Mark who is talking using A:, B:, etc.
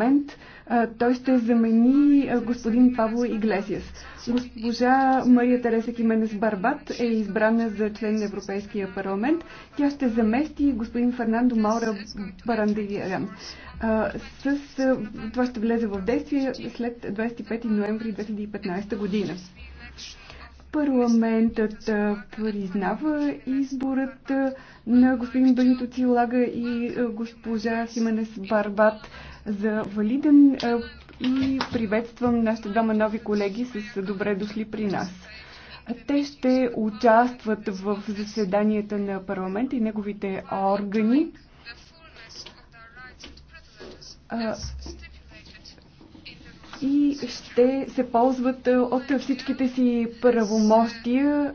A: парламент. Той ще замени господин Павло Иглесиас. Госпожа Мария Тереса Кименес Барбат е избрана за член на Европейския парламент. Тя ще замести господин Фернандо Маура Барандериан. С... Това ще влезе в действие след 25 ноември 2015 година. Парламентът признава изборът на господин Бенито Цилага и госпожа Хименес Барбат за валиден и приветствам нашите двама нови колеги с добре дошли при нас. Те ще участват в заседанията на парламента и неговите органи. И ще се ползват от всичките
B: си правомощия